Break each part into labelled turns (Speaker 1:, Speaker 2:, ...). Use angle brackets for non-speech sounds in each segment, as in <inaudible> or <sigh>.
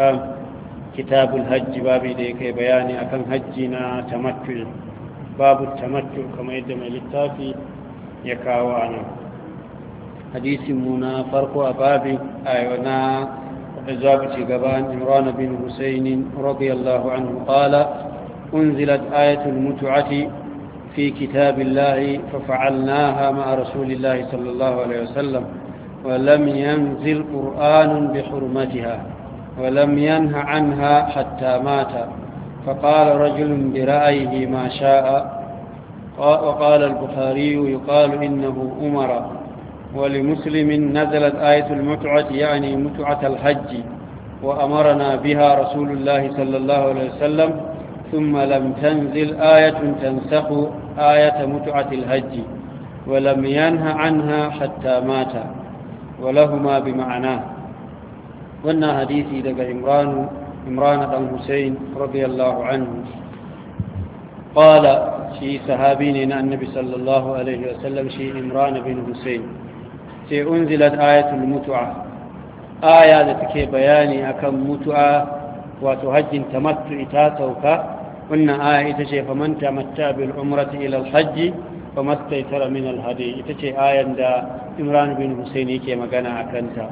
Speaker 1: ahkam kitabul hajji babu da kai bayani akan hajji na tamattu babu tamattu kamar yadda mai littafi ya kawo anan hadisin mu na farko a babin ayo na zabi ci gaban imran bin husayn radiyallahu anhu qala unzilat ayatul mutu'ati fi كتاب الله ففعلناها مع رسول الله صلى الله عليه وسلم ولم ينزل قرآن بحرمتها ولم ينه عنها حتى مات فقال رجل برأيه ما شاء وقال البخاري يقال إنه أمر ولمسلم نزلت آية المتعة يعني متعة الحج وأمرنا بها رسول الله صلى الله عليه وسلم ثم لم تنزل آية تنسخ آية متعة الحج ولم ينه عنها حتى مات ولهما بمعناه wannan hadisi daga imranu imrana dan husayn radiyallahu anhu qala shi sahabi ne na annabi sallallahu alaihi wasallam shi imran bin husayn sai unzilat ayatul mutu'a aya da take bayani akan mutu'a wato hajjin tamattu ita sauka wannan aya ita ce faman tamatta bil umrati ila al hajj famastaitara min al hadi ita ce ayan da imran bin husayn yake magana akan ta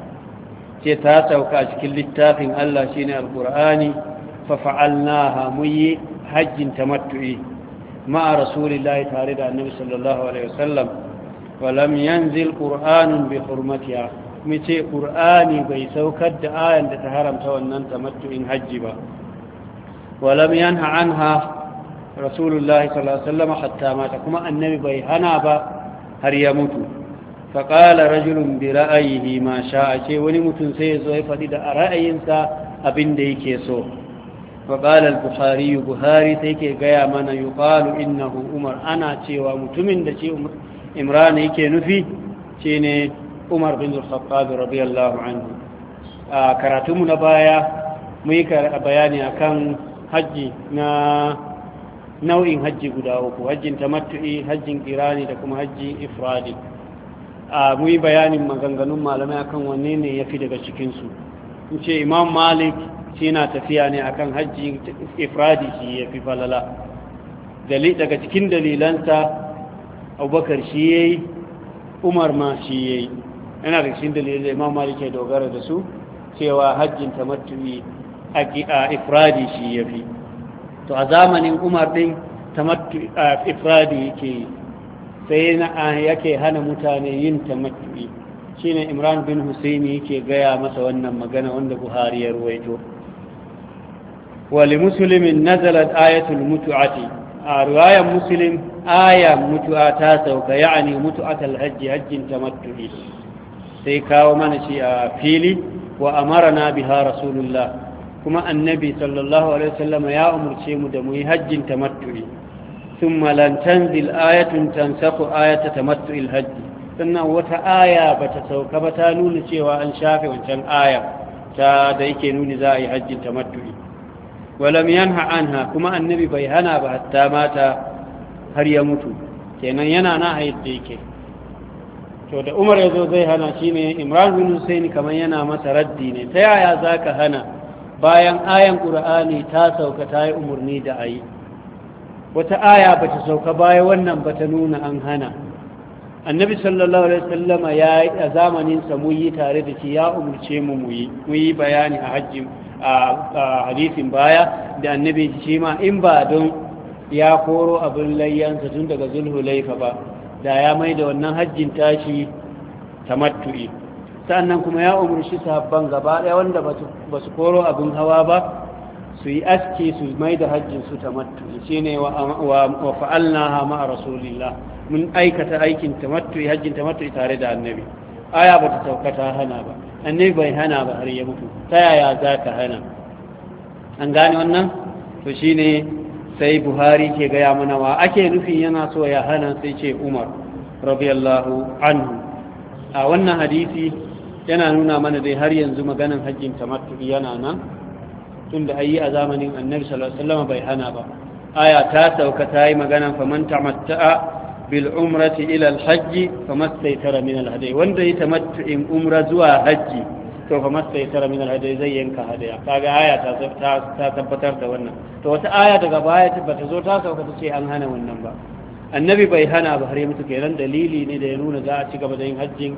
Speaker 1: ce ta sauka a cikin littafin Allah shine alqur'ani fa fa'alnaha muyi hajjin tamattu'i ma'a rasulillahi tare da annabi sallallahu alaihi wasallam wa lam yanzil qur'anun bi hurmatiha kuma ce qur'ani bai saukar da ayan da ta haramta wannan tamattu'in hajji ba wa lam yanha anha rasulullahi sallallahu alaihi wasallam hatta mata kuma annabi bai hana ba har ya mutu faƙala rajulun bi ra'ayihi ma sha'a ce wani mutum sai ya zo ya faɗi da a ra'ayinsa abin da yake so faƙalar buhari buhari sai ke gaya mana yi ƙalu umar ana cewa mutumin da ce imran yake nufi ce ne umar bin zulfaƙaɗu rabiyallahu anhu a karatunmu na baya mu yi bayani akan hajji na nau'in hajji guda uku hajjin tamattu'i hajjin kirani da kuma hajjin ifradi a muyi bayanin maganganun malamai akan wanne ne ya fi daga cikinsu in ce imam malik shi na tafiya ne akan hajji ifradi shi ya fi falala daga cikin dalilansa abubakar shi ya yi umar ma shi ya yi yana da cikin dalilai imam malik ya dogara da su cewa hajjin tamattu'i a ifradi shi ya fi to a zamanin umar din tamattu ifradi yake yi sai na yake hana mutane yin tamattu'i shine imran bin husaini yake gaya masa wannan magana wanda buhari ya ruwaito wali musulmin nazalat ayatul mutu'ati a riwayar muslim aya mutu'a ta sauka ya'ani mutu'atul hajji hajjin tamattu'i sai kawo mana shi a fili wa na biha rasulullah kuma annabi sallallahu alaihi ya umarce mu da mu yi hajjin tamattu'i ثم لن تنزل آية تنسخ آية تمتع الهج sannan wata aya ba ta sauka ba ta nuna cewa an shafe wancan aya ta da yake nuni za a yi hajjin tamattu'i walam yanha anha kuma annabi bai hana ba hatta mata har ya mutu kenan yana na hayyar da yake to da umar ya zo zai hana shi ne imran bin hussein kamar yana masa raddi ne ta yaya za ka hana bayan ayan ƙura'ani ta sauka ta yi umarni da ayi. wata aya ba ta sauka baya wannan ba ta nuna an hana annabi sallallahu alaihi sallama ya yi a zamaninsa mu yi tare da shi ya umarce mu mu yi bayani a hajji a hadisin baya da annabi shi ma in ba don ya koro abin layyansa tun daga zulhulaifa ba da ya mai da wannan hajjin tashi ta tamattu'i sannan kuma ya umarci sahabban gaba ɗaya wanda ba su koro abin hawa ba su yi aski su mai da hajjin su tamattu shi ne wa fa'alna ha ma'a rasulillah mun aikata aikin tamattu hajjin tamattu tare da annabi aya ba ta saukata hana ba annabi bai hana ba har ya mutu ta yaya za ka hana an gane wannan to shi ne sai buhari ke gaya mana wa ake nufi yana so ya hana sai ce umar radiyallahu anhu a wannan hadisi yana nuna mana dai har yanzu maganin hajjin tamattu yana nan Tunda ayi a zamanin annabi sallallahu alaihi bai hana ba aya ta sauka ta yi magana faman tamatta'a bil umrati ila al hajj famastaytara min al hadi wanda ya tamattu'in umra zuwa hajji to famastaytara min al hadi zai yanka hadiya kaga aya ta ta tabbatar da wannan to wata aya daga baya ta bata zo ta sauka ta ce an hana wannan ba annabi bai hana ba har ya mutu kenan dalili ne da ya nuna za a ci gaba da yin hajjin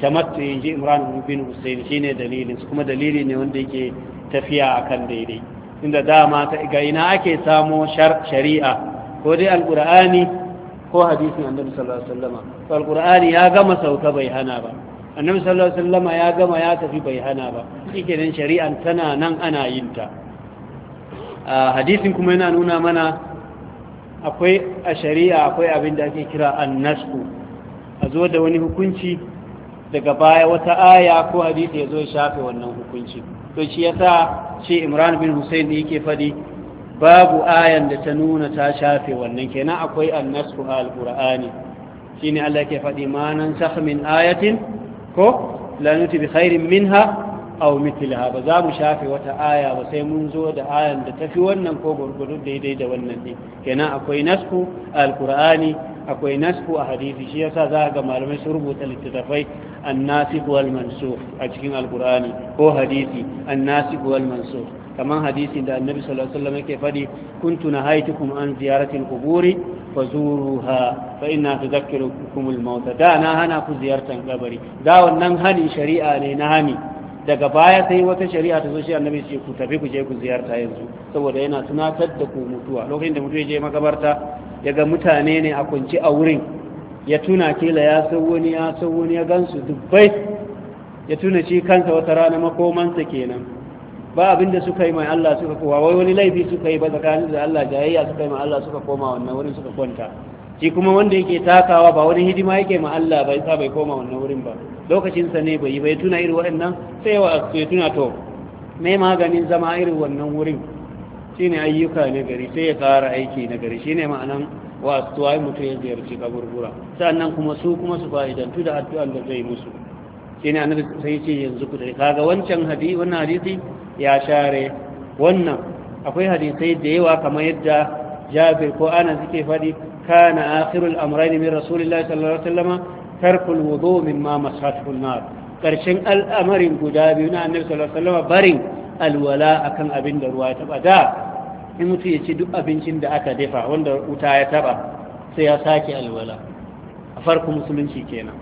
Speaker 1: tamattu in ji imran bin hussein ne dalilin su kuma dalili ne wanda yake tafiya a kan daidai inda dama ta ga ina ake samo shari'a ko dai alƙur'ani ko hadisin annabi sallallahu alaihi wasallam to alƙur'ani ya gama sauka bai hana ba annabi sallallahu alaihi wasallam ya gama ya tafi bai hana ba nan shari'an tana nan ana yin ta hadisin kuma yana nuna mana akwai a shari'a akwai abin da ake kira annasu a zo da wani hukunci daga baya wata aya ko hadisi ya zo ya shafe wannan hukunci to shi yasa shi Imran bin Hussein ne yake fadi babu ayan da ta nuna ta shafe wannan kenan akwai annasu al shine Allah yake fadi ma nan min ayatin ko la nuti bi khairin minha aw mithlaha ba za mu shafe wata aya ba sai mun zo da ayan da tafi wannan ko gurgudu daidai da wannan din kenan akwai nasku alqur'ani akwai nasku a hadisi shi yasa za ga malamai su rubuta littattafai annasikh wal mansukh a cikin alkurani ko hadisi annasikh wal mansukh kamar hadisin da annabi sallallahu alaihi wasallam yake fadi kuntu nahaytukum an ziyarati al-quburi fazuruha fa inna tudhakkirukum al-maut da na hana ku ziyartan kabari da wannan hani shari'a ne na hani daga baya sai wata shari'a ta zo shi annabi ce ku tafi ku je ku ziyarta yanzu saboda yana tunatar da ku mutuwa lokacin da mutuwa ya je makabarta ya ga mutane ne a kunci a wurin ya tuna kila ya san wani ya san wani ya gansu dubbai ya tuna shi kansa wata rana makomansa kenan ba abinda suka yi mai Allah suka kowa wai wani laifi suka yi ba tsakanin da Allah jayayya suka yi mai Allah suka koma wannan wurin suka kwanta shi kuma wanda yake takawa ba wani hidima yake ma Allah bai sa bai koma wannan wurin ba lokacinsa ne bai yi bai tuna irin waɗannan sai wa ya tuna to mai maganin zama irin wannan wurin shine ayyuka na gari sai ya kara aiki na gari Shi shine ma'anan wa tuwai mutum ya ziyarci kaburbura sannan kuma su kuma su fa'idantu da addu'an da zai musu shine annabi sai ce yanzu ku dai kaga wancan hadisi wannan hadisi ya share wannan akwai hadisai da yawa kamar yadda Jabir ko ana suke faɗi kana akhirul amrayn min rasulillahi sallallahu alaihi wasallama tarkul wudu mimma masatu nar karshen al'amarin guda biyu na annabi sallallahu alaihi wasallam barin alwala akan abin da ruwa ya taba da in mutu ya ci duk abincin da aka dafa wanda wuta ya taba sai ya sake alwala a farko musulunci kenan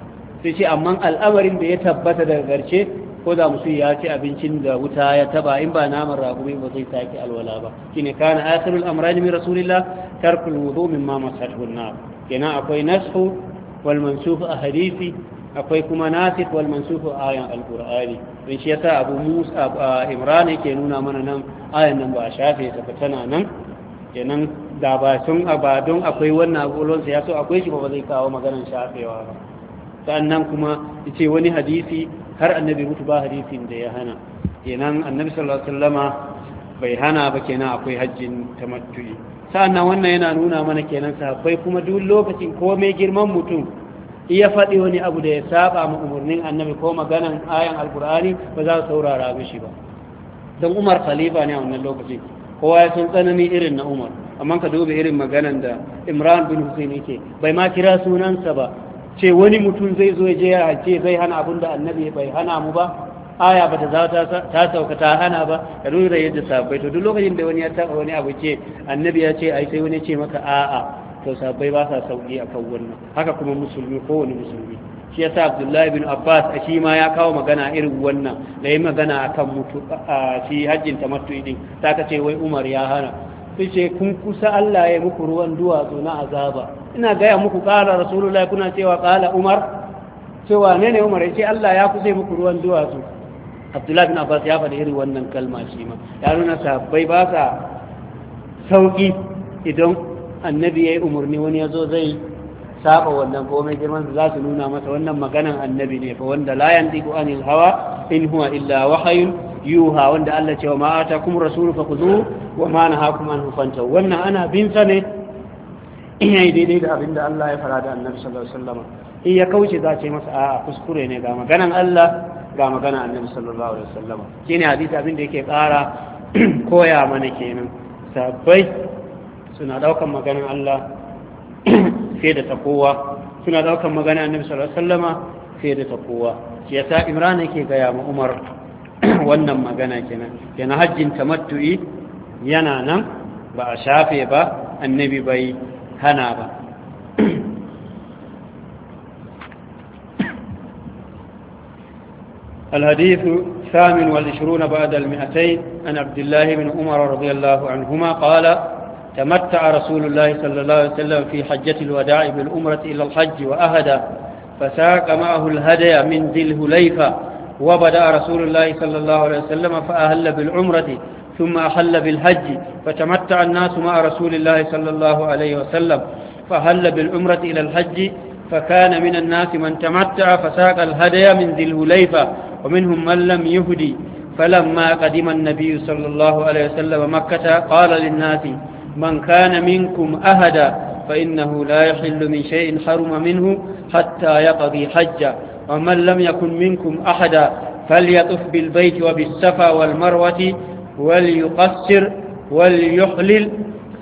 Speaker 1: sai ce amma al'amarin da ya tabbata daga garce ko da mutum ya ci abincin da wuta ya taba in ba naman ragumi ba zai sake alwala ba shine kana akhirul amrani min rasulillah tarkul wudu mimma masatu nar kenan akwai nasu. wal mansukh a hadisi akwai kuma nasikh wal mansukh a ayan alqur'ani don shi yasa abu musa imran yake nuna mana nan ayan nan ba a shafe ta tana nan kenan da ba sun abadun akwai wannan agolon sa yaso akwai shi ba zai kawo maganar shafewa ba sannan kuma yace wani hadisi har annabi mutu ba hadisin da ya hana kenan annabi sallallahu alaihi bai hana ba kenan akwai hajjin sa'an sa'annan wannan yana nuna mana kenan sahabbai kuma duk lokacin ko mai girman mutum iya faɗi wani abu da ya saba ma umarnin annabi ko maganan ayan alkur'ani ba za su saurara mishi ba don umar khalifa ne a wannan lokacin kowa ya san tsanani irin na umar amma ka duba irin maganan da imran bin Hussein yake bai ma kira sunansa ba ce wani mutum zai zo ya je ya hace zai hana abin da annabi bai hana mu ba aya ba ta sauka ta hana ba ka lura yadda sabai to duk lokacin da wani ya taba wani abu ce annabi ya ce ai sai wani ce maka a'a to sabai ba sa sauki kan wannan haka kuma musulmi kowane musulmi shi yasa Abdullahi bin Abbas a shi ma ya kawo magana irin wannan da yi magana akan mutu A shi hajjin tamattu din ta kace wai Umar ya hana sai ce kun kusa Allah ya muku ruwan duwatsu na azaba ina gaya muku kala Rasulullahi kuna cewa kala Umar cewa ne ne Umar ya ce Allah ya kusa muku ruwan duwatsu abdullahi na abbas ya faɗi irin wannan kalma shi ma ya nuna sahabbai ba sa sauƙi idan annabi ya yi umarni wani ya zo zai saba wannan komai girman za su nuna masa wannan maganan annabi ne fa wanda la yantiqu anil hawa in huwa illa wahayun yuha wanda Allah cewa ma atakum rasulu fakhuzuhu wa ma nahakum anhu fantahu wannan ana bin sa ne in yayi daidai da abinda Allah ya fara da annabi sallallahu alaihi wasallam in ya kauce za ce masa a'a kuskure ne ga maganan Allah ga magana annabi sallallahu alaihi wasallam shine hadisi abin da yake ƙara <clears throat> koya mana kenan sabai suna daukan maganar Allah sai <clears throat> da takowa suna daukan maganar annabi sallallahu alaihi wasallam sai da takowa shi yasa Imran yake ga ya Umar <clears throat> wannan magana kenan Yana hajjin tamattu'i yana nan ba a shafe ba annabi bai hana ba الحديث الثامن والعشرون بعد المئتين عن عبد الله بن عمر رضي الله عنهما قال تمتع رسول الله صلى الله عليه وسلم في حجة الوداع بالأمرة إلى الحج وأهدى فساق معه الهدي من ذي الهليفة وبدأ رسول الله صلى الله عليه وسلم فأهل بالعمرة ثم أحل بالحج فتمتع الناس مع رسول الله صلى الله عليه وسلم فأهل بالعمرة إلى الحج فكان من الناس من تمتع فساق الهدي من ذي الهليفة ومنهم من لم يهدي فلما قدم النبي صلى الله عليه وسلم مكة قال للناس من كان منكم أهدا فإنه لا يحل من شيء حرم منه حتى يقضي حجه ومن لم يكن منكم أحدا فليطف بالبيت وبالسفا والمروة وليقصر وليحلل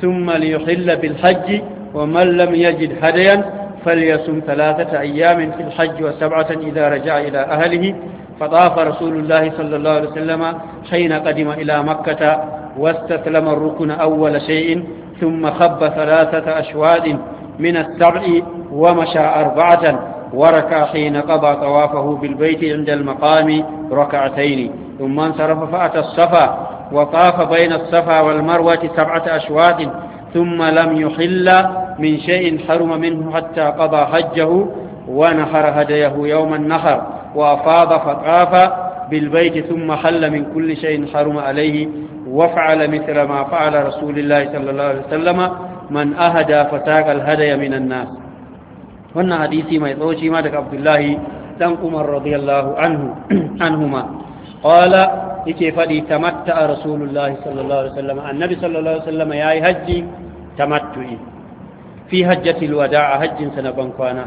Speaker 1: ثم ليحل بالحج ومن لم يجد هديا فليصم ثلاثة أيام في الحج وسبعة إذا رجع إلى أهله فطاف رسول الله صلى الله عليه وسلم حين قدم إلى مكة واستسلم الركن أول شيء ثم خب ثلاثة أشواد من السبع ومشى أربعة وركع حين قضى طوافه بالبيت عند المقام ركعتين ثم انصرف فأتى الصفا وطاف بين الصفا والمروة سبعة أشواط ثم لم يحل من شيء حرم منه حتى قضى حجه ونحر هديه يوم النحر وأفاض فطاف بالبيت ثم حل من كل شيء حرم عليه وفعل مثل ما فعل رسول الله صلى الله عليه وسلم من أهدى فتاق الهدي من الناس وانا حديثي ما يتوشي مالك عبد الله دم عمر رضي الله عنه عنهما قال فلي تمتع رسول الله صلى الله عليه وسلم النبي صلى الله عليه وسلم يا هجي تمتعي في هجة الوداع هج سنبنكوانا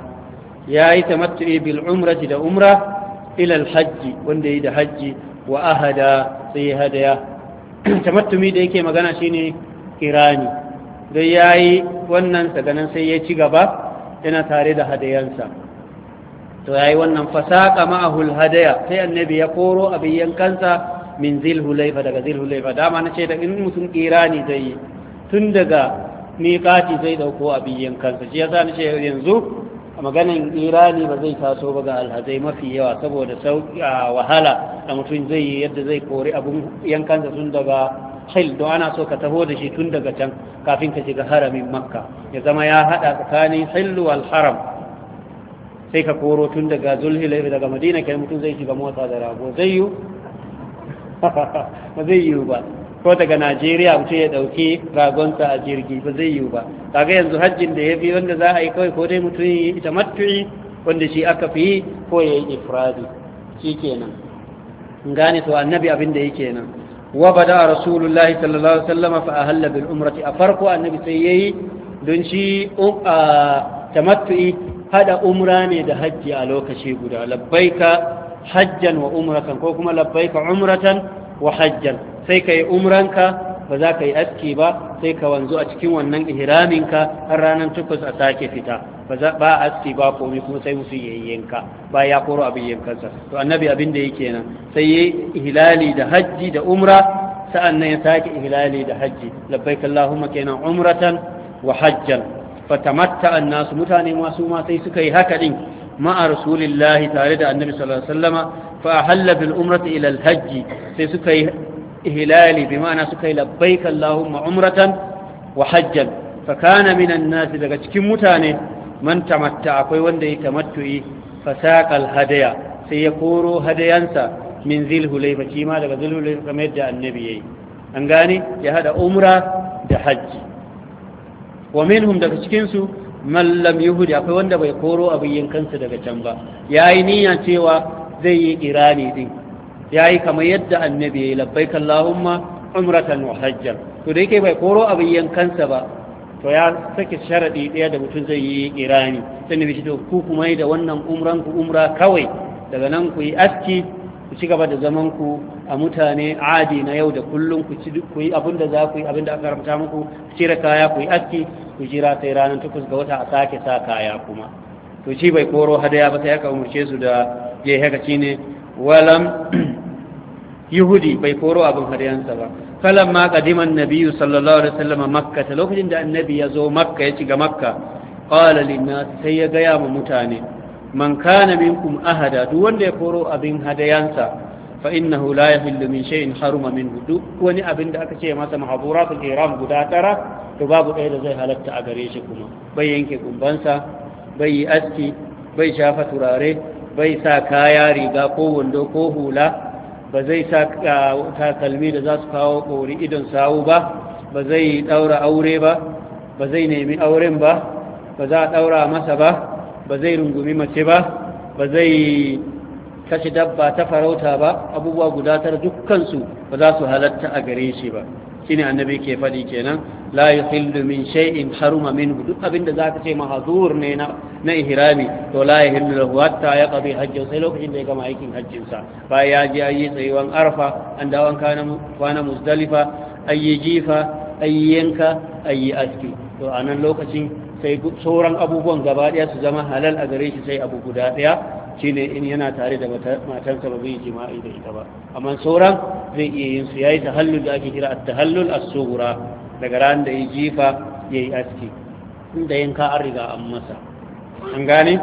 Speaker 1: يا تمتعي بالعمرة دا عمره ilal hajji wanda yi da hajji wa ahada sai hadaya <clears throat> tamattumi da yake magana shine kirani don ya yi wannan saganan sai ya ci gaba yana tare da hadayansa to ya yi wannan fasaka ma'ahul hadaya sai annabi ya koro abin yankansa min zilhulaifa daga zilhulaifa dama na ce da in mutum kirani zai yi tun daga miƙati zai ɗauko abin yankansa shi ya sa na ce yanzu maganin irani ba zai taso ba ga alhazai mafi yawa saboda wahala da mutum zai yi yadda zai kori abin yankansa sun daga hil don ana so ka taho da shi tun daga can kafin ka shiga haramin makka ya zama ya haɗa tsakanin hillu alharam, haram sai ka koro tun daga zulhilai daga madina kai mutum zai shiga motsa da rago zai yiwu <laughs> ba zai yi ba ko daga najeriya mutum ya ɗauki ragonsa a jirgi ba zai yiwu ba kaga yanzu hajjin da ya fi wanda za a yi kawai ko dai mutum ya yi matu'i wanda shi aka fi yi ko ya yi ifradi shi kenan gane to annabi abin da yake nan wa bada rasulullahi sallallahu alaihi wasallam fa ahalla bil umrati a farko annabi sai yayi don shi tamattu'i hada umra ne da hajji a lokaci guda labbaika hajjan wa umratan ko kuma labbaika umratan wa hajjan sai ka yi umranka ba za ka yi aski ba sai ka wanzu a cikin wannan ihraminka har ranar takwas a sake fita ba aski ba komai kuma sai musu yayyanka ba ya koro abin yankansa to annabi abin da yake nan sai yi ihlali da hajji da umra sa'an nan ya sake ihlali da hajji labbaik allahumma kenan umratan wa hajjan fatamatta annasu mutane masu ma sai suka yi haka din ma'a rasulillahi tare da annabi sallallahu alaihi wasallama fa ahalla bil umrati ila al hajji sai suka yi hilali bi ma'ana suka yi labbaik Allahumma umratan wa hajjan fa kana minan nasi daga cikin mutane man tamatta akwai wanda ya tamattu'i fa hadaya sai ya koro hadayansa min zulhulayfa ma daga zulhulayfa kamar yadda annabi yi an gane ya hada umra da hajji wa minhum daga cikinsu mallam yahudi lam akwai wanda bai koro abin yankansa daga can ba yayi niyya cewa zai yi irani din Ya yi kamar yadda annabi ya labbai kan Lahumma, umratan wa hajjar to da yake bai koro abin yankansa ba to ya sake sharaɗi ɗaya da mutum zai yi irani Sannan bai shi to ku kuma da wannan umran ku umra kawai daga nan ku yi aski ku ci gaba da zaman ku a mutane adi na yau da kullum ku ci ku yi abin da za ku yi abin da aka karanta muku ku cire kaya ku yi aski ku jira sai ranar takwas ga wata a sake sa kaya kuma to shi bai koro hadaya ba sai aka umurce su da je haka shine walam yahudi bai koro abin hadyansa ba falan ma qadiman Nabiyu sallallahu alaihi wasallam makka ta lokacin da annabi ya zo makka ya shiga makka qala linnas sai ya ga ya mutane man kana minkum ahada duk wanda ya koro abin hadayansa fa innahu la yahillu min shay'in haruma min hudu. wani abin da aka ce masa mahduratul ihram guda tara to babu ɗaya da zai halatta a gare shi kuma bai yanke kumbansa bai yi aski bai shafa turare bai sa kaya riga ko wando ko hula ba zai takalmi da za su kawo ƙori idan sawu ba ba zai ɗaura aure ba ba zai nemi auren ba ba za a ɗaura masa ba ba zai rungumi mace ba ba zai kashe dabba ta farauta ba abubuwa guda gudatar dukkansu ba za su halatta a gare shi ba shine annabi ke fadi kenan la yahillu min shay'in haruma minhu duk abinda zaka ce mahzur ne na na ihrami to la yahillu lahu hatta yaqdi hajji sai lokacin da ya gama aikin hajjin sa ba ya je yi tsayuwan arfa an dawon kwana muzdalifa ayi jifa ayi yanka ayi aski to a nan lokacin sai sauran abubuwan gaba daya su zama halal a gare shi sai abu guda daya shine in yana tare da matarsa ba zai jima'i da ita ba amma sauran zai iya yin su yayi tahallul da ake kira at-tahallul as-sughra daga ran da ya jifa yi aski inda yanka an riga an masa an gane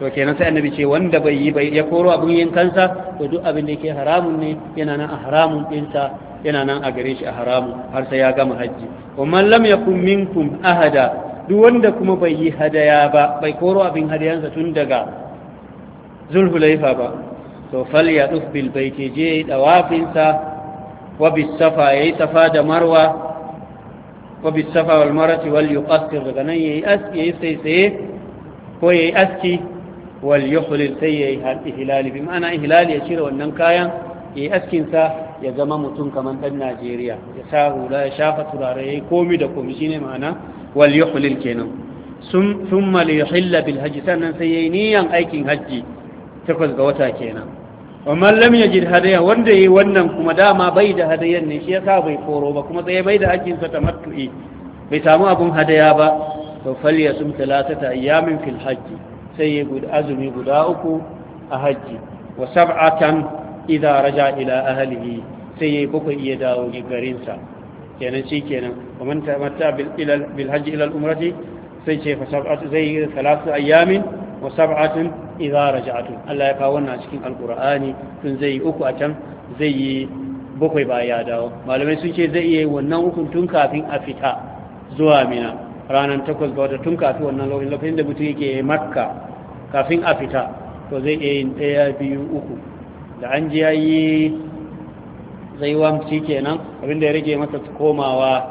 Speaker 1: to kenan sai annabi ce wanda bai yi bai ya koro abin kansa. to duk abin da yake haramun ne yana nan a haramun dinsa yana nan a gare shi a haramun har sai ya gama hajji wa man lam yakun minkum ahada duk wanda kuma bai yi hadaya ba bai koro abin hadayansa tun daga zulhulaifa ba to fal ya duf bil baiti je dawafinsa wa bis safa yi safa da marwa wa bis safa wal marati wal yuqassir daga nan yayi aski yayi sai sai ko ya yi aski wal yuhlil sai ya yayi ihlal bi ma'ana ihlal ya cire wannan kayan Ya yi askinsa ya zama mutum kamar dan Najeriya ya sa hula ya shafa turare yi komi da komi shine ma'ana wal yuhlil kenan sun thumma li yuhilla bil hajji sannan sai ya yi niyan aikin hajji takwas ga wata kenan amma lam yajid hadaya wanda yi wannan kuma dama bai da hadayan ne shi yasa bai koro ba kuma tsaye bai da hakkin sa tamattu'i bai samu abun hadaya ba to fil hajj sai ya azumi guda uku a hajji wa sab'atan idza raja ila ahlihi sai ya iya dawo garin sa kenan bil hajj ila al umrati sai ce fa sab'atu wa sab'atin idza raja'atun Allah ya kawo wannan cikin alqur'ani tun zai yi uku a can zai yi bakwai ba ya dawo malamai sun ce zai yi wannan ukun tun kafin a fita zuwa mina ranar takwas ga wata tun kafin wannan lokacin lokacin da mutum yake makka kafin a fita to zai iya yin ɗaya biyu uku da an ji yayi zai zai wamci kenan abinda ya rage masa komawa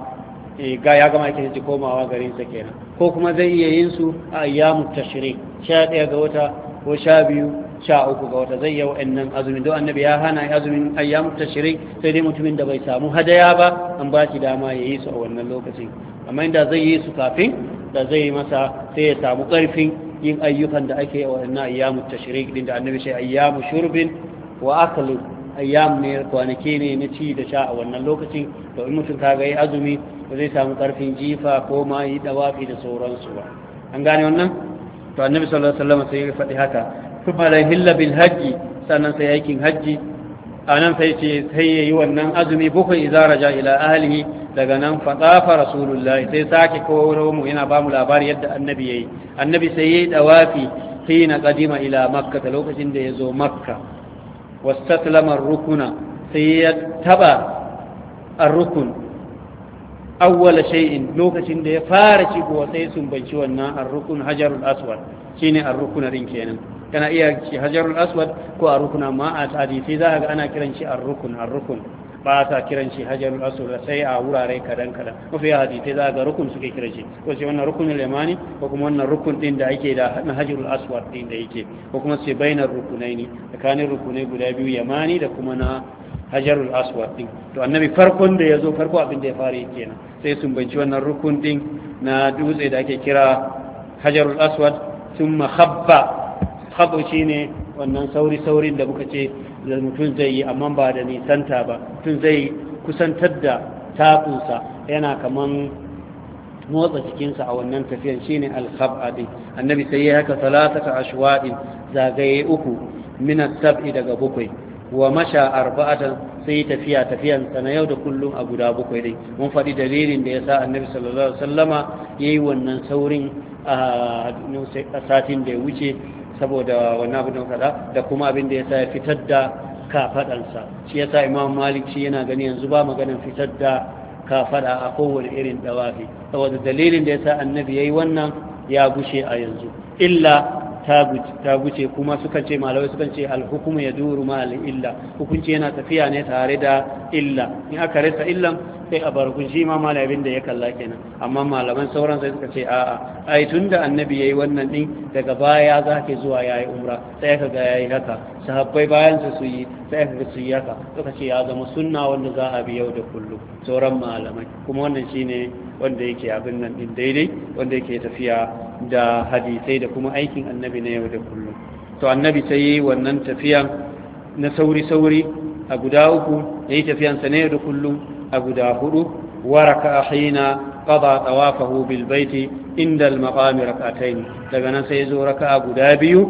Speaker 1: eh, ga ya gama ake komawa garinsa kenan ko kuma zai iya yin su a ayyamu tashri sha ɗaya ga wata ko sha biyu sha uku ga wata zai yi wa'annan azumin don annabi ya hana azumin ayyamu tashri sai dai mutumin da bai samu hadaya ba an ba shi dama ya yi su a wannan lokacin amma inda zai yi su kafin da zai masa sai ya samu ƙarfin yin ayyukan da ake wa'annan ayyamu tashri din da annabi sai ayyamu shurbin wa akalin ayyam ne kwanaki ne na ci da sha a wannan lokaci to in mutum kaga yi azumi ba zai samu karfin jifa ko ma yi dawafi da sauransu ba an gane wannan to annabi sallallahu alaihi wasallam sai ya faɗi haka kuma la hilla bil hajji sannan sai yakin hajji anan sai ce sai yayi wannan azumi Bukun idza raja ila ahlihi daga nan fatafa rasulullahi sai sake koro mu yana ba mu labari yadda annabi yayi annabi sai yayi dawafi na qadima ila makka lokacin da yazo makka wastatlama rukuna sai ya taba ar-rukun awwala shay'in lokacin da ya fara shigowa sai sun banci wannan ar-rukun hajarul aswad shine ar-rukuna din kenan kana iya ci hajarul aswad ko ar-rukuna ma a sai za ga ana kiran shi ar-rukun ar-rukun ba ta kiran shi hajarul sai a wurare kadan kadan mafi hadisi za ga rukun suke kiran shi ko sai wannan rukunul yamani ko kuma wannan rukun din da ake da na hajarul aswad din da yake ko kuma sai bainar rukunaini tsakanin rukunai guda biyu yamani da kuma na hajarul aswad din to annabi farkon da yazo farko abin da ya fara kenan sai sun banci wannan rukun din na dutse da ake kira hajarul aswad thumma khabba khabu shine wannan sauri-saurin da muka ce da mutum zai yi amma ba da nisanta ba mutum zai kusantar da takunsa yana kaman motsa jikinsa a wannan tafiyan shine alkhab din annabi sai ya haka salatata ashwadin zagaye uku min tab'i daga bakwai wa masha arba'atan sai tafiya tafiyan na yau da kullum a guda bakwai dai mun faɗi dalilin da yasa annabi sallallahu alaihi wasallama yayi wannan saurin a satin da ya wuce saboda wannan abin da da kuma abin da ya sa ya fitar da kafaɗansa shi ya sa imam malik shi yana gani yanzu ba maganin fitar da kafaɗa a kowane irin dawafi saboda dalilin da ya sa annabi ya yi wannan ya gushe a yanzu illa ta guce kuma sukan ce malawai sukan ce alhukumu ya duru ma illa hukunci yana tafiya ne tare da illa in aka rasa illan sai a bar hukunci ma malamin da ya kalla kenan amma malaman sauran sai suka ce a'a ai da annabi ya yi wannan din daga baya zaka zuwa ya yi umra sai ka ga ya yi haka sahabbai bayan su su yi sai ka ga su yi haka suka ce ya zama sunna wanda za a bi yau da kullum sauran malamai kuma wannan shine wanda yake abin nan din daidai wanda yake tafiya da hadisai da kuma aikin annabi na yau da kullum to annabi sai yi wannan tafiya na sauri-sauri a guda uku ya yi tafiyansa na yau da kullum a guda hudu waraka a hina qada tawafahu bil baiti inda al rakatai daga nan sai ya zo raka'a guda biyu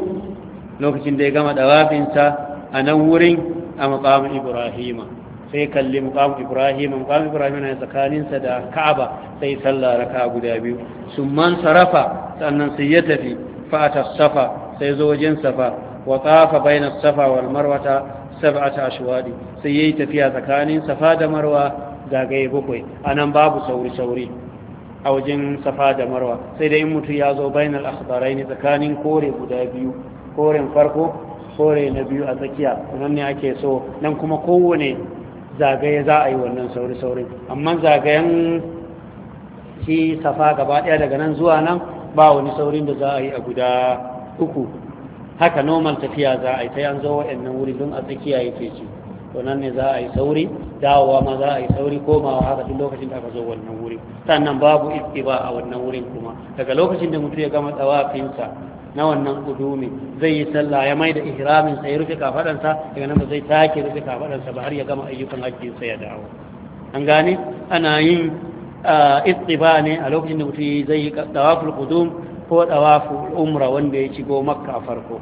Speaker 1: lokacin da ya gama dawafinsa a nan wurin a maqam ibrahima sai kalli muqam ibrahim muqam ibrahim tsakaninsa da ka'aba sai sallah raka guda biyu summan sarafa sannan sai ya tafi fata safa sai zo wajen safa wa tafa baina safa wal marwata sab'ata ashwadi sai yayi tafiya tsakanin safa da marwa zagaye bakwai anan babu sauri sauri a wajen safa da marwa sai dai mutu ya zo bainal akhbarai ne tsakanin kore guda biyu koren farko kore na biyu a tsakiya nan ne ake so nan kuma kowane zagaye za a yi wannan sauri-sauri amma zagayen shi safa gaba ɗaya daga nan zuwa nan ba wani saurin da za a yi a guda uku haka normal tafiya za a yi ta yanzu wa'annan wuri don a tsakiya ya ce to nan ne za a yi sauri dawowa ma za a yi sauri komawa haka duk lokacin da aka zo wannan wuri sannan babu iske ba a wannan wurin kuma daga lokacin da mutum ya gama tsawafinsa na wannan kudumi zai yi sallah ya mai da ihramin sai rufe kafadansa daga nan ba zai take rufe kafadansa ba har ya gama ayyukan hajji sai ya dawo an gane ana yin istiba ne a lokacin da mutum zai yi dawaful qudum ko dawaful umra wanda ya shigo makka farko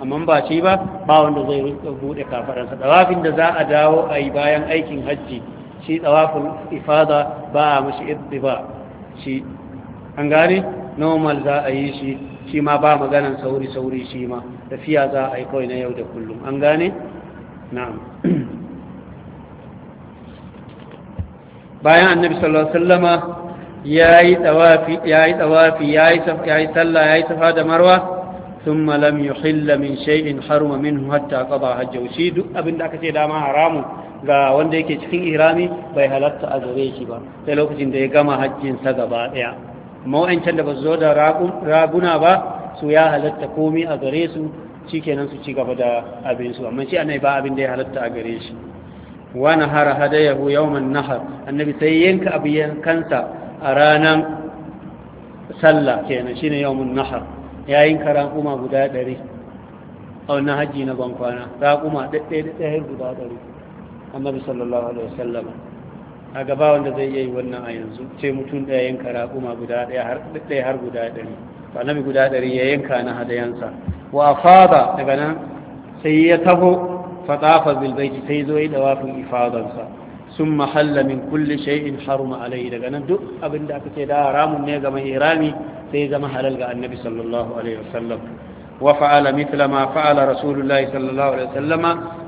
Speaker 1: amma ba shi ba ba wanda zai bude kafaransa dawafin da za a dawo a yi bayan aikin hajji shi dawaful ifada ba a mashi istiba shi an gane normal za a yi shi shi ma ba maganan sauri-sauri shi ma tafiya za a yi kawai na yau da kullum an gane? na'am bayan annabi sallallahu sallama ya yi tsawafi ya yi tsawafi ya yi sallah ya yi safa da marwa sun malam yi hilla min shai'in haruma min hatta kaba hajjau shi duk abin da aka ce dama haramu ga wanda yake cikin irami bai halatta a gare shi ba sai lokacin da ya gama hajjinsa gaba ɗaya amma wa'ancan da ba su zo da raguna ba su ya halatta komi a gare su shikenan su ci gaba da abinsu amma shi annabi ba abin da ya halatta a gare shi wa nahara hadayahu yawman nahar annabi sai yanka abiyan kansa a ranan sallah kenan shine yawmun nahar yayin karan kuma guda 100 a wannan haji na bankwana ra kuma ɗaɗɗaya da ɗaya guda 100 annabi sallallahu alaihi wasallam a gaba wanda zai iya yi wannan a yanzu ce mutum ɗaya yanka raƙuma guda ɗaya har ɗaya har guda ɗari to guda ɗari ya yanka na hadayansa wa fada daga nan sai ya taho fatafa bil baiti sai zo yi wafin ifadansa sun mahalla min kulli shay'in haruma alaihi daga nan duk abin da aka ce da haramun ne ga irami sai zama halal ga annabi sallallahu alaihi wasallam وفعل مثل ما فعل رسول الله صلى الله عليه وسلم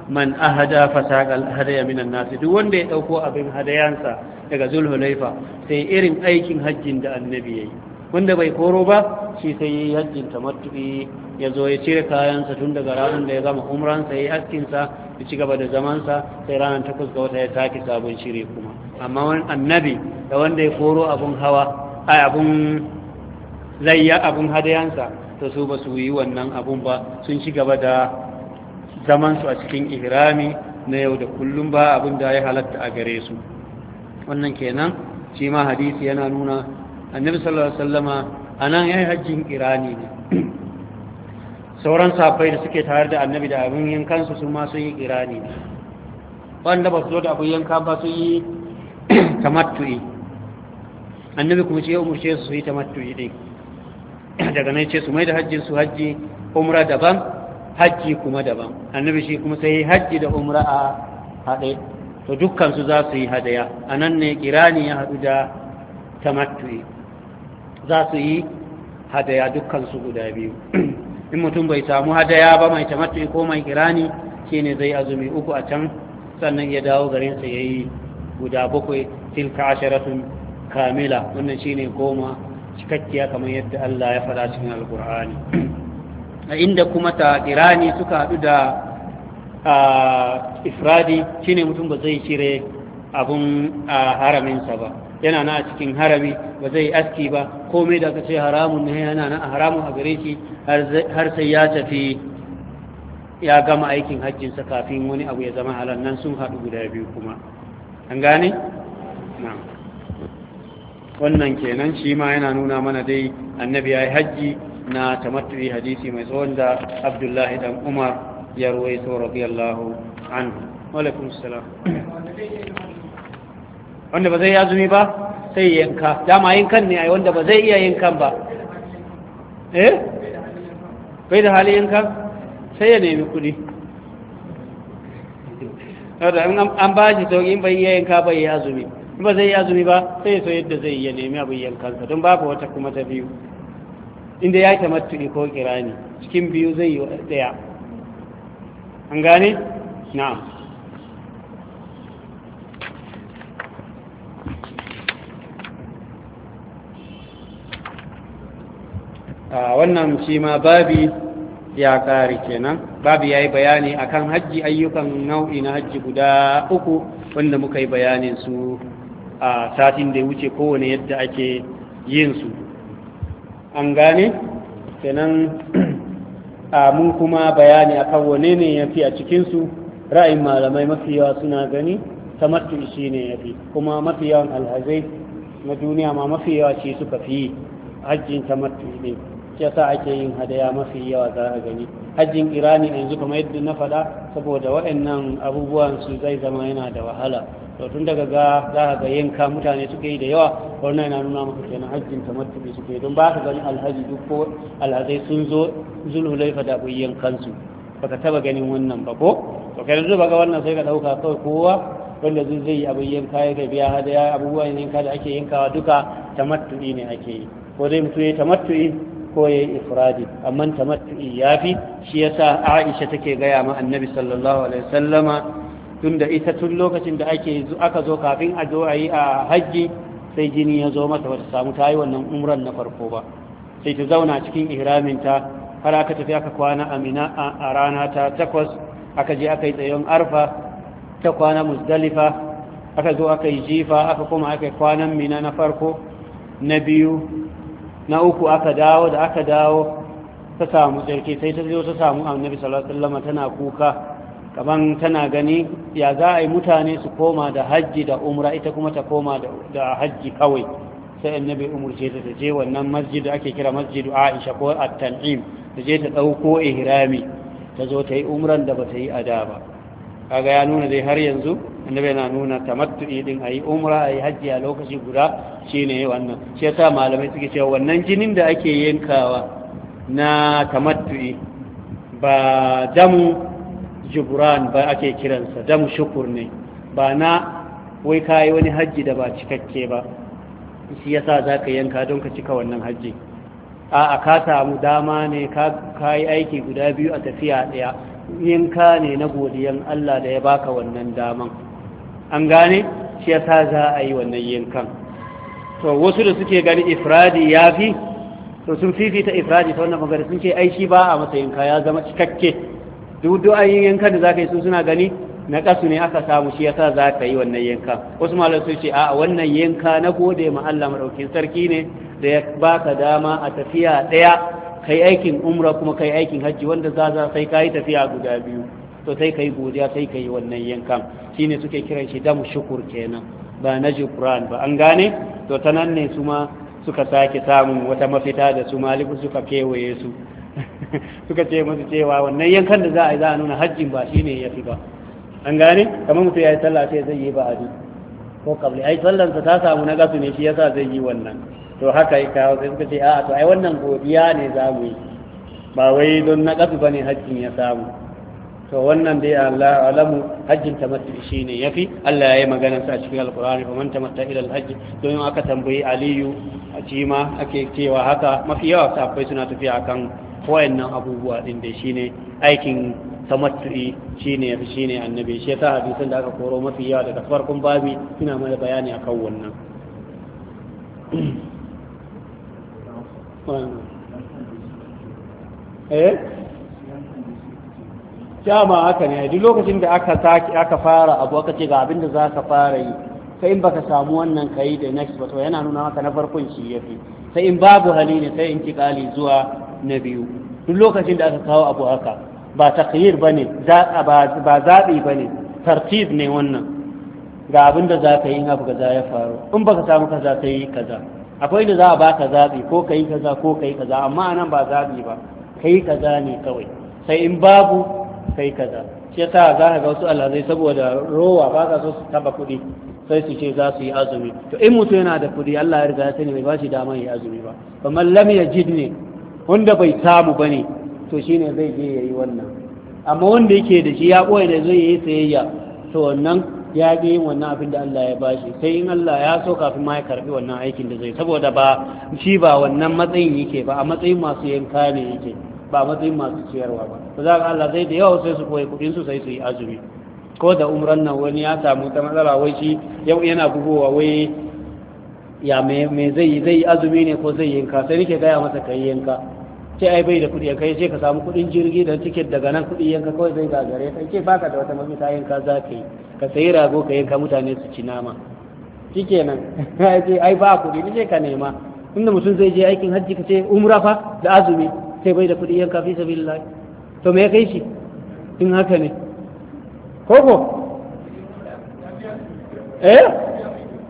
Speaker 1: من أهدى فساق الهدي من الناس دون دي أوكو أبن هديانسا daga zulhulaifa sai irin aikin hajjin da annabi yayi wanda bai koro ba shi sai yayi hajjin tamattu'i ya zo ya cire kayansa tun daga ranar da ya gama ya yi askinsa ya ci gaba da zamansa sai ranar takwas ga wata ya take sabon shiri kuma amma annabi da wanda ya koro abun hawa ai layya abin hadayansa ta su ba su yi wannan abun ba sun ci gaba da zamansu a cikin ihrami na yau da kullum ba abin da ya halatta a gare su wannan kenan shi ma hadisi yana nuna annabi sallallahu alaihi wasallama anan yayin hajjin irani ne sauran safai da suke tare da annabi da abin yankan su ma sun yi irani ne wanda ba su zo da abin yanka ba sun yi <clears throat> tamattu'i annabi kuma ce ya umurce su su yi tamattu'i din <clears throat> daga nan ce su mai da hajji su hajji umra daban hajji kuma daban annabi shi kuma sai hajji da umra a haɗe to dukkan su za su yi hadaya a nan ne kirani ya haɗu da tamattu'i za su yi hadaya dukkan su guda biyu <clears throat> in mutum bai samu hadaya ba mai tamattu'i ko mai kirani shine zai azumi uku a can sannan ya dawo garinsa ya yi guda bakwai tilka asharatun kamila wannan shine goma cikakkiya kamar yadda Allah ya faɗa cikin alkur'ani a inda kuma ta irani suka haɗu da ifradi shine mutum ba zai cire abun haraminsa ba yana na a cikin harami ba zai aski ba komai da aka ce haramun ne yana na haramun a gare shi har sai ya tafi ya gama aikin hajjinsa kafin wani abu ya zama halannan sun haɗu guda biyu kuma an gane? na'am wannan kenan shi ma yana nuna mana dai annabi ya yi hajji na tamattu'i hadisi mai tsawon da abdullahi dan umar ya ruwaito radiyallahu anhu alaikum salam wanda ba zai azumi ba sai yanka dama yankan ne ai wanda ba zai iya yankan ba eh bai da hali yankan sai ya nemi kudi saboda an ba shi sauƙin bai iya yanka bai ya azumi ba zai yi azumi ba sai so yadda zai iya nemi abin yankansa don babu wata kuma ta biyu inda ya tamattu ko kirani cikin biyu zai yi daya an gane na'am a wannan shi ma babi ya kare kenan babu ya yi bayani akan hajji ayyukan nau'i na hajji guda uku wanda muka yi bayanin su a satin da ya wuce kowane yadda ake yin su an gane kenan <clears throat> a mun kuma bayani akan wane ne ya fi a cikinsu ra'ayin malamai mafi yawa suna gani ta martin shi ne ya fi kuma mafi yawan alhazai na duniya ma mafi yawa ce suka fi hajjin ta ne ya sa ake yin hadaya mafi yawa za a gani hajjin irani yanzu kuma yadda na faɗa saboda waɗannan abubuwan su zai zama yana da wahala to tun daga ga za ka ga yanka mutane suke yi da yawa wannan yana nuna maka kenan hajjin tamattu'i suke don ba ka gani alhaji duk ko alhazai sun zo zululaifa da abin yankansu baka taba ganin wannan ba ko to kai zuba ga wannan sai ka dauka kawai kowa wanda zai zai abin yanka ya ga biya hadaya abubuwan yanka da ake yankawa duka tamattu'i ne ake yi ko dai mutum ya tamattu'i ko yayi ifradi amma tamattu'i yafi shi yasa Aisha take gaya ma Annabi sallallahu alaihi wasallama tunda ita tun lokacin da ake aka zo kafin a zo a yi a hajji sai jini ya zo mata wata samu ta yi wannan umran na farko ba sai ta zauna cikin ihraminta har aka tafi aka kwana amina a rana ta takwas aka je aka yi tsayon arfa ta kwana musdalifa aka zo aka yi jifa aka kuma aka yi kwanan mina na farko na biyu na uku aka dawo da aka dawo ta samu tsarki sai ta zo ta samu annabi sallallahu alaihi wasallam tana kuka kaman tana gani ya za a yi mutane su koma da hajji da umra ita kuma ta koma da hajji kawai sai annabi umurce ta ta je wannan masjid da ake kira masjidu aisha ko at-tan'im ta je ta dauko ihrami ta zo ta yi umran da bata yi ada ba kaga ya nuna dai har yanzu annabi yana nuna tamattu'i din ayi umra ayi hajji a lokaci guda shine wannan shi yasa malamai suke cewa wannan jinin da ake yankawa na tamattu'i ba damu jubran ba ake kiransa dam shukur ne ba na wai ka yi wani hajji da ba cikakke ba shi yasa za ka yanka don ka cika wannan hajji a ka samu dama ne ka yi aiki guda biyu a tafiya ɗaya yanka ne na godiyan Allah da ya baka wannan daman an gane shi yasa za a yi wannan yankan to wasu da suke gani ifradi ya fi to sun fifita ifradi ta wannan magana sun ce ba a masa yanka ya zama cikakke duk ayin yankan da za ka su suna gani na kasu ne aka samu shi yasa za ka yi wannan yanka wasu malar su ce a wannan yanka na gode ma Allah maɗaukin sarki ne da ya baka dama a tafiya ɗaya kai aikin umra kuma kai aikin hajji wanda za za sai ka tafiya guda biyu to sai ka yi godiya sai ka yi wannan yankan shine suke kiran shi damu shukur kenan ba na jibran ba an gane to ta nan ne su ma suka sake samun wata mafita da su malibu suka kewaye su <laughs> suka ce musu cewa wannan yankan da za a yi za a nuna hajjin ba shi ne ya fi ba an gane kamar mutum ya yi sallah sai zai yi ba a ko kabli ai sallansa ta samu na gasu ne shi yasa zai yi wannan to haka yi kawo sai suka ce a'a to ai wannan godiya ne za mu yi ba wai don na gasu ba ne hajjin ya samu to wannan dai Allah alamu hajjin ta ne ya yafi Allah ya yi magana sa cikin alqur'ani kuma ta tamatta ila alhajj don aka tambayi aliyu a cima ake cewa haka mafi yawa akwai suna tafiya kan wayannan abubuwa din da shine aikin tamattu'i shine shine annabi shi ta hadisin da aka koro mafi yawa daga farkon babi suna mai bayani akan wannan <clears throat> eh ma haka ne duk lokacin da aka saki aka fara abu aka ce ga abin da za ka fara yi sai in baka samu wannan kai da next ba to yana nuna maka na farkon shi yafi sai in babu hali ne sai in kikali zuwa na biyu duk lokacin da aka kawo abu haka ba takhir bane ba zaɓi bane tartib ne wannan ga abin da za ka yi in abu kaza ya faru in baka samu kaza sai yi kaza akwai da za a baka zaɓi ko ka kaza ko ka kaza amma anan ba zaɓi ba ka kaza ne kawai sai in babu kai kaza shi yasa za ka ga wasu alhazai saboda rowa ba ka su taba kuɗi sai su ce za su yi azumi to in mutum yana da kuɗi Allah ya riga ya sani bai ba shi dama yi azumi ba kamar lam yajid ne wanda bai samu ba ne to shi ne zai je ya yi wannan amma wanda yake da shi ya ɓoye da zai yi sayayya to wannan ya yin wannan abin da Allah ya bashi sai in Allah ya so kafin ma ya karɓi wannan aikin da zai saboda ba shi ba wannan matsayin yake ba a matsayin masu yanka ne yake ba a matsayin masu ciyarwa ba ba za ka Allah zai da yawa sai su koyi kuɗin su sai su yi azumi ko da umran nan wani ya samu ta matsala wai shi yana bugowa wai ya me zai yi zai azumi ne ko zai yanka sai nake gaya masa kai yanka ce ai bai da kuɗi kai ce ka samu kuɗin jirgi da tiket daga nan kuɗi yanka kawai zai gagare ka ce baka da wata mafita ka za ka yi ka sayi rago ka yanka mutane su ci nama shikenan ce <laughs> ai ba kuɗi ni ce ka nema inda mutum zai je aikin hajji ka ce umra fa da azumi sai bai da kuɗi yanka fi sabilillah to me ya kai shi in haka ne koko eh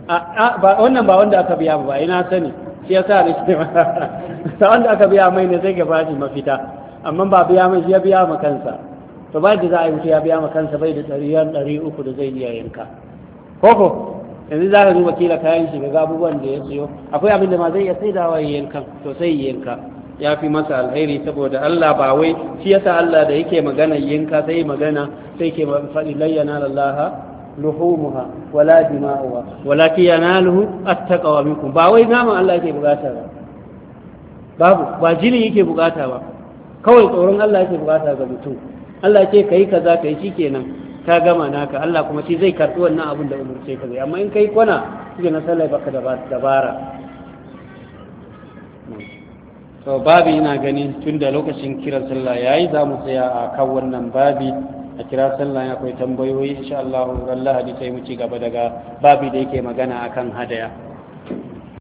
Speaker 1: a wannan ba wanda aka biya ba ina sani shi yasa ne shi ta wanda aka biya mai ne zai gaba shi mafita amma ba biya mai ya biya ma kansa to ba da za a yi ya biya ma kansa bai da ɗari uku da zai iya yanka koko yanzu za ka duba kila kayan shi ga abubuwan da ya siyo akwai abin da ma zai iya sai da yankan to sai yanka ya fi masa alheri saboda Allah ba wai shi yasa Allah da yake magana yanka sai magana sai ke faɗi layyana lallaha لحومها ولا دماؤها ولكن يناله التقوى منكم ba wai الله Allah yake bukata ba باجيني يكي بغاتا با كوي ba kawai tsoron Allah بمتو الله ga mutum Allah ce kai kaza kai shikenan ka gama naka Allah kuma shi zai karɓi wannan abin da umurce ka zai amma in kai kwana shi na sallai baka da dabara to babi ina ganin tunda lokacin kiran sallah yayi za mu tsaya a kan wannan babi a kira sallah akwai tambayoyi insha Allah ran lahadi sai mu ci gaba daga babu da yake magana akan hadaya